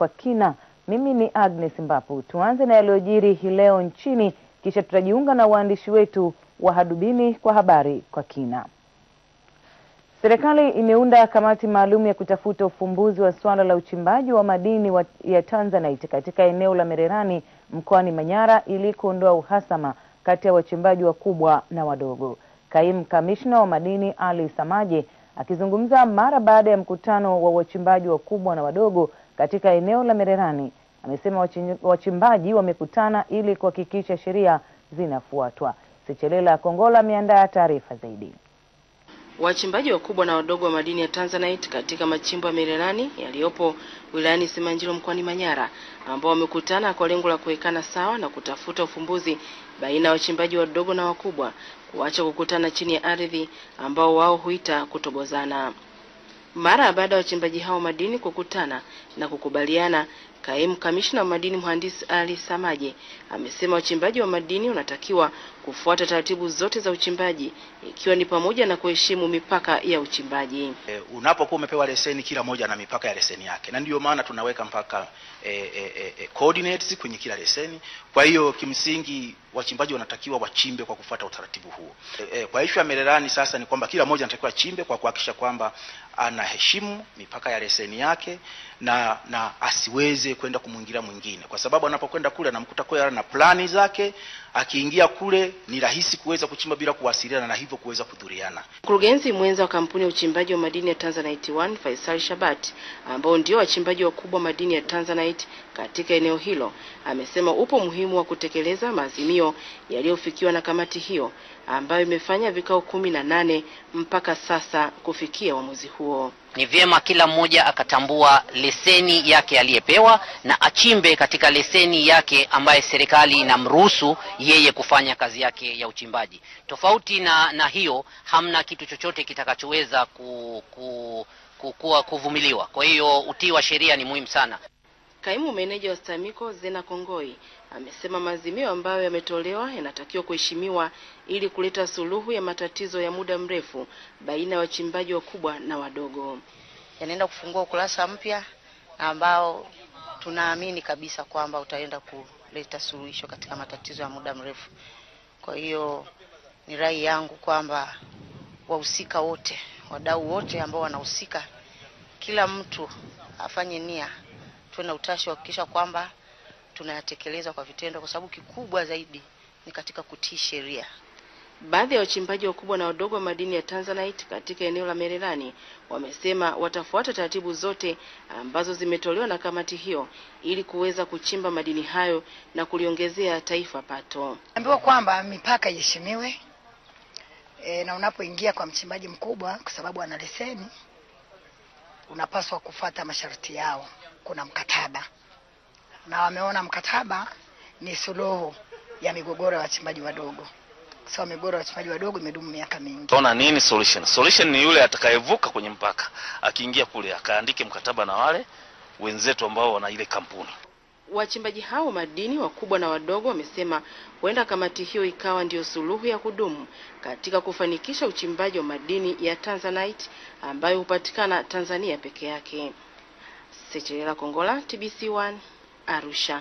kwa kina. Mimi ni Agnes Mbapu. Tuanze na yaliyojiri hii leo nchini, kisha tutajiunga na waandishi wetu wa Hadubini kwa habari kwa kina. Serikali imeunda kamati maalum ya kutafuta ufumbuzi wa suala la uchimbaji wa madini wa ya Tanzanite katika eneo la Mererani mkoani Manyara ili kuondoa uhasama kati ya wachimbaji wakubwa na wadogo. Kaimu kamishna wa madini Ali Samaje akizungumza mara baada ya mkutano wa wachimbaji wakubwa na wadogo katika eneo la Mererani amesema wachimbaji wamekutana ili kuhakikisha sheria zinafuatwa. Sechelela Kongola ameandaa taarifa zaidi. Wachimbaji wakubwa na wadogo wa madini ya Tanzanite katika machimbo ya Mererani yaliyopo wilayani Simanjiro mkoani Manyara ambao wamekutana kwa lengo la kuwekana sawa na kutafuta ufumbuzi baina ya wachimbaji wadogo na wakubwa kuacha kukutana chini ya ardhi ambao wao huita kutobozana mara baada ya wachimbaji hao madini kukutana na kukubaliana Kaimu kamishna wa madini mhandisi Ali Samaje amesema uchimbaji wa madini unatakiwa kufuata taratibu zote za uchimbaji ikiwa ni pamoja na kuheshimu mipaka ya uchimbaji. E, unapokuwa umepewa leseni, kila moja na mipaka ya leseni yake, na ndiyo maana tunaweka mpaka e, e, e, e, coordinates kwenye kila leseni. Kwa hiyo kimsingi wachimbaji wanatakiwa wachimbe kwa kufuata utaratibu huo. E, e, kwa ishu ya Mererani sasa ni kwamba kila mmoja anatakiwa achimbe kwa kuhakikisha kwamba anaheshimu mipaka ya leseni yake na, na asiweze asiye kwenda kumwingilia mwingine, kwa sababu anapokwenda kule anamkuta kule na plani zake. Akiingia kule ni rahisi kuweza kuchimba bila kuwasiliana na hivyo kuweza kudhuriana. Mkurugenzi mwenza wa kampuni ya uchimbaji wa madini ya Tanzanite 1 Faisal Shabat, ambao ndio wachimbaji wakubwa madini ya Tanzanite katika eneo hilo, amesema upo umuhimu wa kutekeleza maazimio yaliyofikiwa na kamati hiyo ambayo imefanya vikao kumi na nane mpaka sasa kufikia uamuzi huo ni vyema kila mmoja akatambua leseni yake aliyepewa na achimbe katika leseni yake ambaye serikali inamruhusu yeye kufanya kazi yake ya uchimbaji. Tofauti na, na hiyo hamna kitu chochote kitakachoweza ku, ku, ku, kuvumiliwa. Kwa hiyo utii wa sheria ni muhimu sana. Kaimu meneja wa STAMICO Zena Kongoi amesema maazimio ambayo yametolewa yanatakiwa kuheshimiwa ili kuleta suluhu ya matatizo ya muda mrefu baina ya wachimbaji wakubwa na wadogo. Yanaenda kufungua ukurasa mpya ambao tunaamini kabisa kwamba utaenda kuleta suluhisho katika matatizo ya muda mrefu. Kwa hiyo ni rai yangu kwamba wahusika wote, wadau wote ambao wanahusika, kila mtu afanye nia tuwe na utashi wa kuhakikisha kwamba tunayatekeleza kwa vitendo, kwa sababu kikubwa zaidi ni katika kutii sheria. Baadhi ya wachimbaji wakubwa na wadogo wa madini ya Tanzanite katika eneo la Mererani wamesema watafuata taratibu zote ambazo zimetolewa na kamati hiyo ili kuweza kuchimba madini hayo na kuliongezea taifa pato. Ambiwa kwamba mipaka iheshimiwe, e, na unapoingia kwa mchimbaji mkubwa, kwa sababu ana leseni unapaswa kufata masharti yao. Kuna mkataba na wameona mkataba ni suluhu ya migogoro ya wachimbaji wadogo. So migogoro ya wachimbaji wadogo imedumu miaka mingi. Tuna nini solution? Solution ni yule atakayevuka kwenye mpaka, akiingia kule akaandike mkataba na wale wenzetu ambao wana ile kampuni. Wachimbaji hao madini wakubwa na wadogo wamesema huenda kamati hiyo ikawa ndiyo suluhu ya kudumu katika kufanikisha uchimbaji wa madini ya Tanzanite ambayo hupatikana Tanzania peke yake. Sechelela Kongola, TBC1, Arusha.